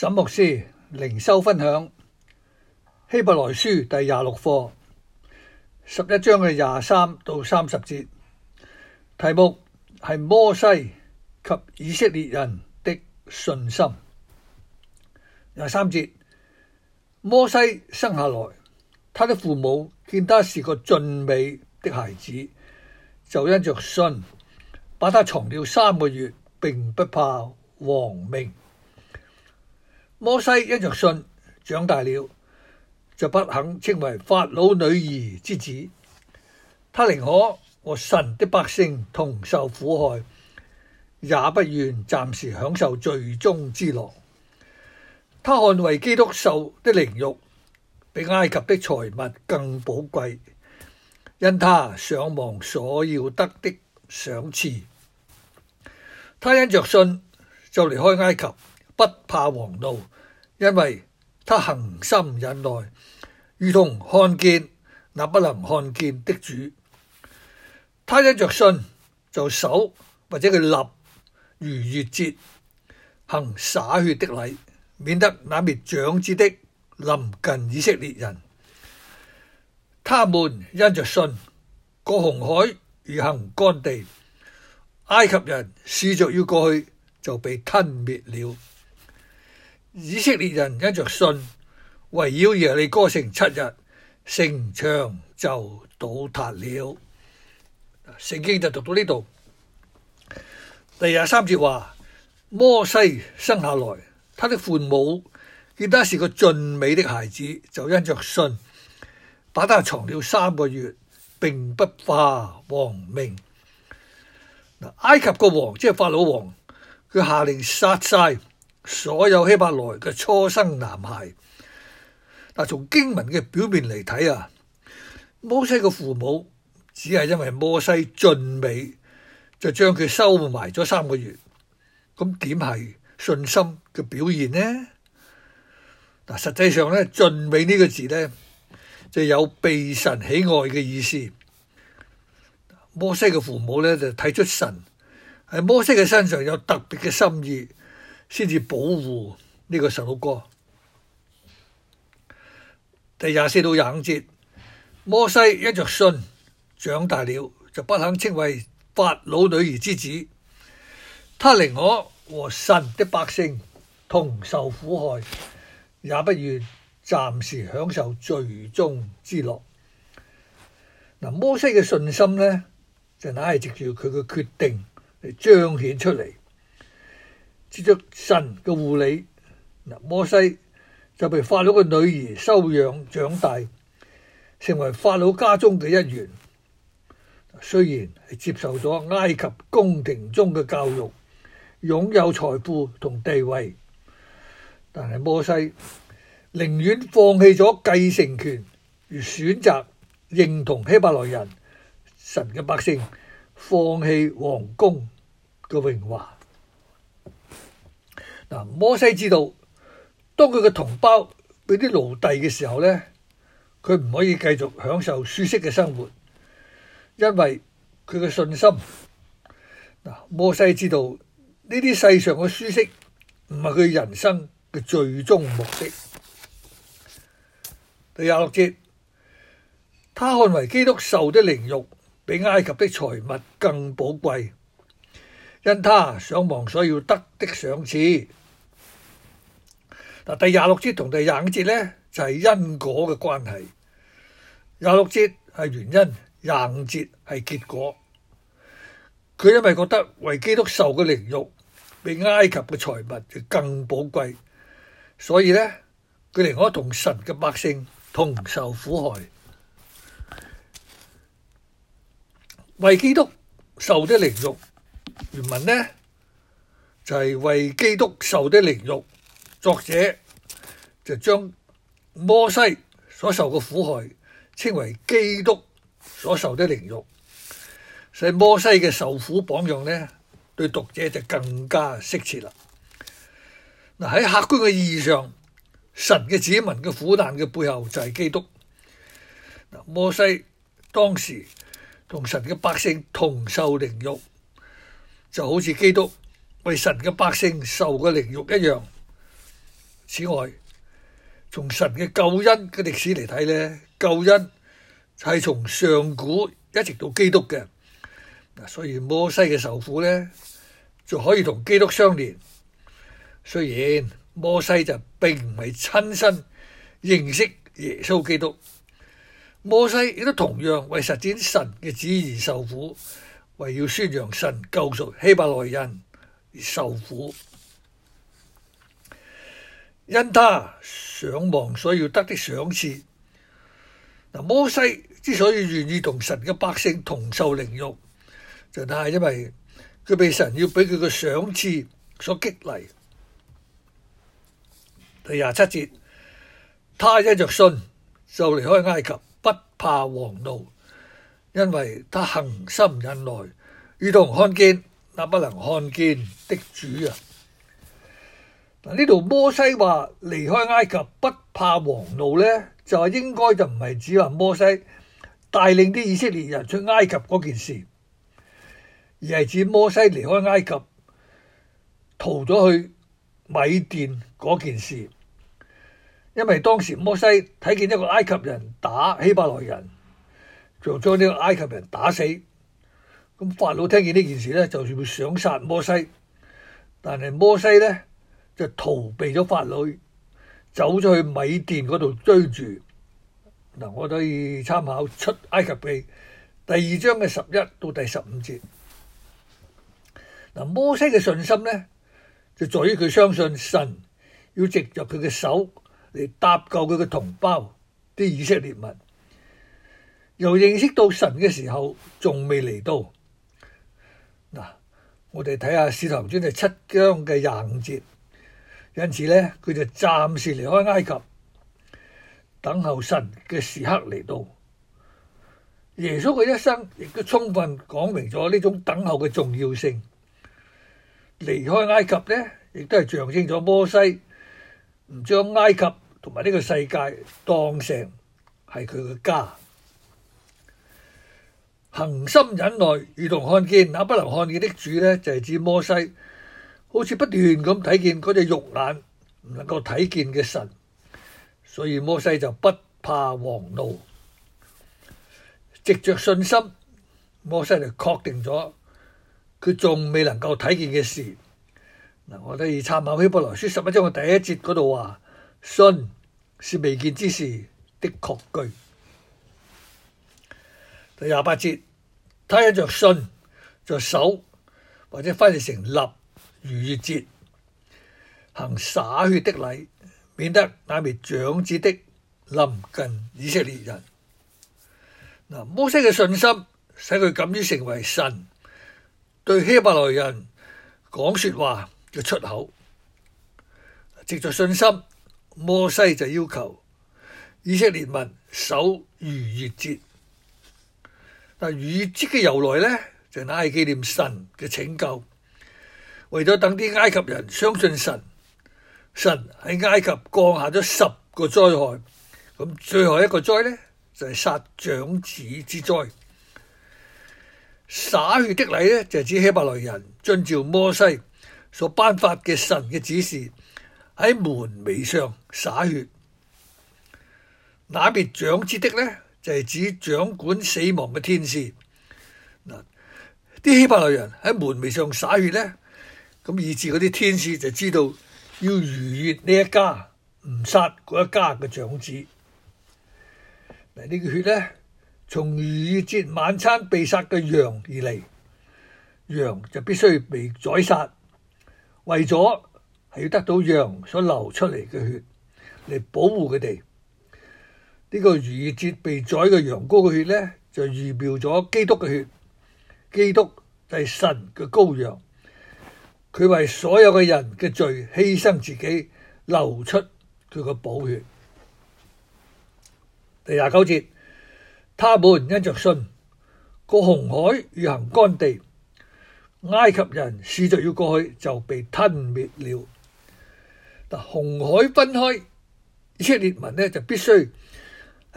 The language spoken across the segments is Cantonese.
沈牧師靈修分享希伯來書第廿六課，十一章嘅廿三到三十節，題目係摩西及以色列人的信心。廿三節，摩西生下來，他的父母見他是個俊美的孩子，就因着信，把他藏了三個月，並不怕王命。摩西因着信，長大了就不肯稱為法老女兒之子，他寧可和神的百姓同受苦害，也不願暫時享受罪中之樂。他看為基督受的凌辱，比埃及的財物更寶貴，因他想望所要得的賞賜。他因着信就離開埃及。不怕王怒，因為他恆心忍耐，如同看見那不能看見的主。他因着信就守或者佢立逾越節，行灑血的禮，免得那滅長子的臨近以色列人。他們因着信過紅海而行乾地，埃及人試着要過去就被吞滅了。以色列人因着信，圍繞耶利哥城七日，城牆就倒塌了。聖經就讀到呢度，第二十三節話：摩西生下來，他的父母見他是個俊美的孩子，就因着信，把他藏了三個月，並不怕王命。埃及個王即係法老王，佢下令殺晒。所有希伯來嘅初生男孩。嗱，從經文嘅表面嚟睇啊，摩西嘅父母只係因為摩西俊美，就將佢收埋咗三個月。咁點係信心嘅表現呢？嗱，實際上咧，俊美呢個字咧，就有被神喜愛嘅意思。摩西嘅父母咧就睇出神喺摩西嘅身上有特別嘅心意。先至保護呢個十六哥。第廿四到廿五節，摩西一着信，長大了就不肯稱為法老女兒之子。他寧我和神的百姓同受苦害，也不願暫時享受罪中之樂。嗱，摩西嘅信心呢，就乃係藉住佢嘅決定嚟彰顯出嚟。接著神嘅護理，嗱，摩西就被法老嘅女兒收養長大，成為法老家中嘅一員。雖然係接受咗埃及宮廷中嘅教育，擁有財富同地位，但係摩西寧願放棄咗繼承權，而選擇認同希伯來人神嘅百姓，放棄皇，放棄王宮嘅榮華。嗱，摩西知道，當佢嘅同胞俾啲奴隸嘅時候呢，佢唔可以繼續享受舒適嘅生活，因為佢嘅信心。嗱，摩西知道呢啲世上嘅舒適唔係佢人生嘅最終目的。第廿六節，他看為基督受的凌辱比埃及的財物更寶貴。因他想望所要得的賞賜，嗱，第廿六節同第廿五節呢，就係、是、因果嘅關係。廿六節係原因，廿五節係結果。佢因為覺得為基督受嘅凌辱，比埃及嘅財物更寶貴，所以呢，佢寧可同神嘅百姓同受苦害，為基督受啲凌辱。原文呢就係、是、為基督受的凌辱，作者就將摩西所受嘅苦害稱為基督所受的凌辱，使摩西嘅受苦榜樣呢對讀者就更加適切啦。嗱，喺客觀嘅意義上，神嘅子民嘅苦難嘅背後就係基督。嗱，摩西當時同神嘅百姓同受凌辱。就好似基督為神嘅百姓受嘅凌辱一樣。此外，從神嘅救恩嘅歷史嚟睇呢，救恩係從上古一直到基督嘅。嗱，所以摩西嘅受苦呢，就可以同基督相連。雖然摩西就並唔係親身認識耶穌基督，摩西亦都同樣為實踐神嘅旨意受苦。為要宣揚神救贖希伯來人而受苦，因他想望，所以要得的賞賜。嗱，摩西之所以願意同神嘅百姓同受凌辱，就係、是、因為佢被神要俾佢嘅賞賜所激勵。第廿七節，他一着信就離開埃及，不怕王怒。因為他恒心忍耐，如同看見那不能看見的主啊！嗱，呢度摩西話離開埃及不怕王怒呢，就係應該就唔係指話摩西帶領啲以色列人出埃及嗰件事，而係指摩西離開埃及逃咗去米甸嗰件事。因為當時摩西睇見一個埃及人打希伯來人。就將呢個埃及人打死，咁法老聽見呢件事呢，就預備想殺摩西，但係摩西呢，就逃避咗法老，走咗去米甸嗰度追住。嗱，我都可以參考出埃及記第二章嘅十一到第十五節。嗱，摩西嘅信心呢，就在於佢相信神要藉着佢嘅手嚟搭救佢嘅同胞啲以色列民又認識到神嘅時候，仲未嚟到。嗱，我哋睇下《使徒行傳》第七章嘅廿五節，因此呢，佢就暫時離開埃及，等候神嘅時刻嚟到。耶穌嘅一生亦都充分講明咗呢種等候嘅重要性。離開埃及呢，亦都係象徵咗摩西唔將埃及同埋呢個世界當成係佢嘅家。恒心忍耐，如同看見，那不能看見的主呢？就係、是、指摩西好，好似不斷咁睇見嗰隻肉眼唔能夠睇見嘅神，所以摩西就不怕王怒，藉着信心，摩西就確定咗佢仲未能夠睇見嘅事。嗱，我哋參考希伯來書十一章嘅第一節嗰度話，信是未見之事的確據。第廿八節。他喺着信、着手，或者翻譯成立逾越節，行灑血的禮，免得那滅長子的臨近以色列人。嗱，摩西嘅信心使佢敢於成為神對希伯來人講説話嘅出口。藉着信心，摩西就要求以色列民守逾越節。但逾越節嘅由來呢，就乃係紀念神嘅拯救，為咗等啲埃及人相信神，神喺埃及降下咗十個災害，咁最後一個災呢，就係、是、殺長子之災。灑血的禮呢，就是、指希伯來人遵照摩西所頒發嘅神嘅指示，喺門楣上灑血。那滅長子的呢？就係指掌管死亡嘅天使。嗱，啲希伯來人喺門楣上灑血呢，咁以至嗰啲天使就知道要逾越呢一家，唔殺嗰一家嘅長子。嗱，呢、這個血呢，從逾越節晚餐被殺嘅羊而嚟，羊就必須被宰殺，為咗係要得到羊所流出嚟嘅血嚟保護佢哋。呢個逾節被宰嘅羊羔嘅血咧，就預表咗基督嘅血。基督就係神嘅羔羊，佢為所有嘅人嘅罪犧牲自己，流出佢個寶血。第廿九節，他們因着信過紅海，如行乾地。埃及人試着要過去，就被吞滅了。但紅海分開，以色列民咧就必須。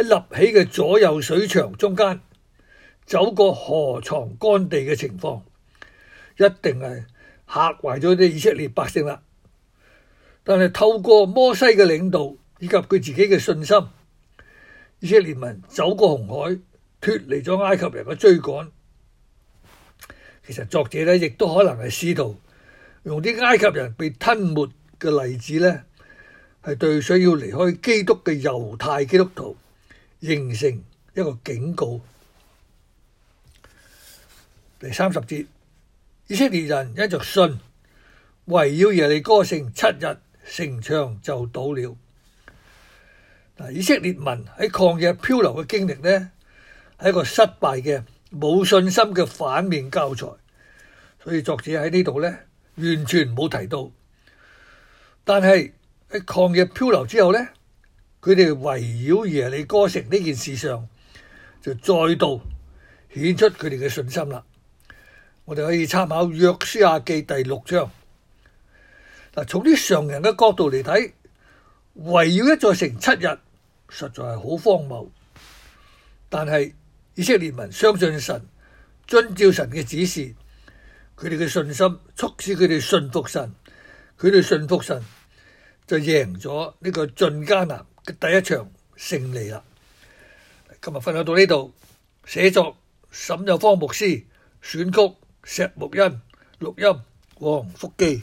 喺立起嘅左右水牆中間，走過河床乾地嘅情況，一定係嚇壞咗啲以色列百姓啦。但係透過摩西嘅領導以及佢自己嘅信心，以色列民走過紅海，脫離咗埃及人嘅追趕。其實作者呢亦都可能係試圖用啲埃及人被吞沒嘅例子呢，係對想要離開基督嘅猶太基督徒。形成一個警告。第三十節，以色列人因着信，圍繞耶利哥城七日，城牆就倒了。嗱，以色列民喺曠野漂流嘅經歷呢，係一個失敗嘅、冇信心嘅反面教材。所以作者喺呢度呢，完全冇提到。但係喺曠野漂流之後呢。佢哋圍繞耶利哥城呢件事上，就再度顯出佢哋嘅信心啦。我哋可以參考約書亞記第六章嗱，從啲常人嘅角度嚟睇，圍繞一座城七日實在係好荒謬。但係以色列民相信神，遵照神嘅指示，佢哋嘅信心促使佢哋信服神。佢哋信服神就贏咗呢個進迦南。第一場勝利啦！今日分享到呢度，寫作沈有芳牧師，選曲石木恩，錄音黃福記。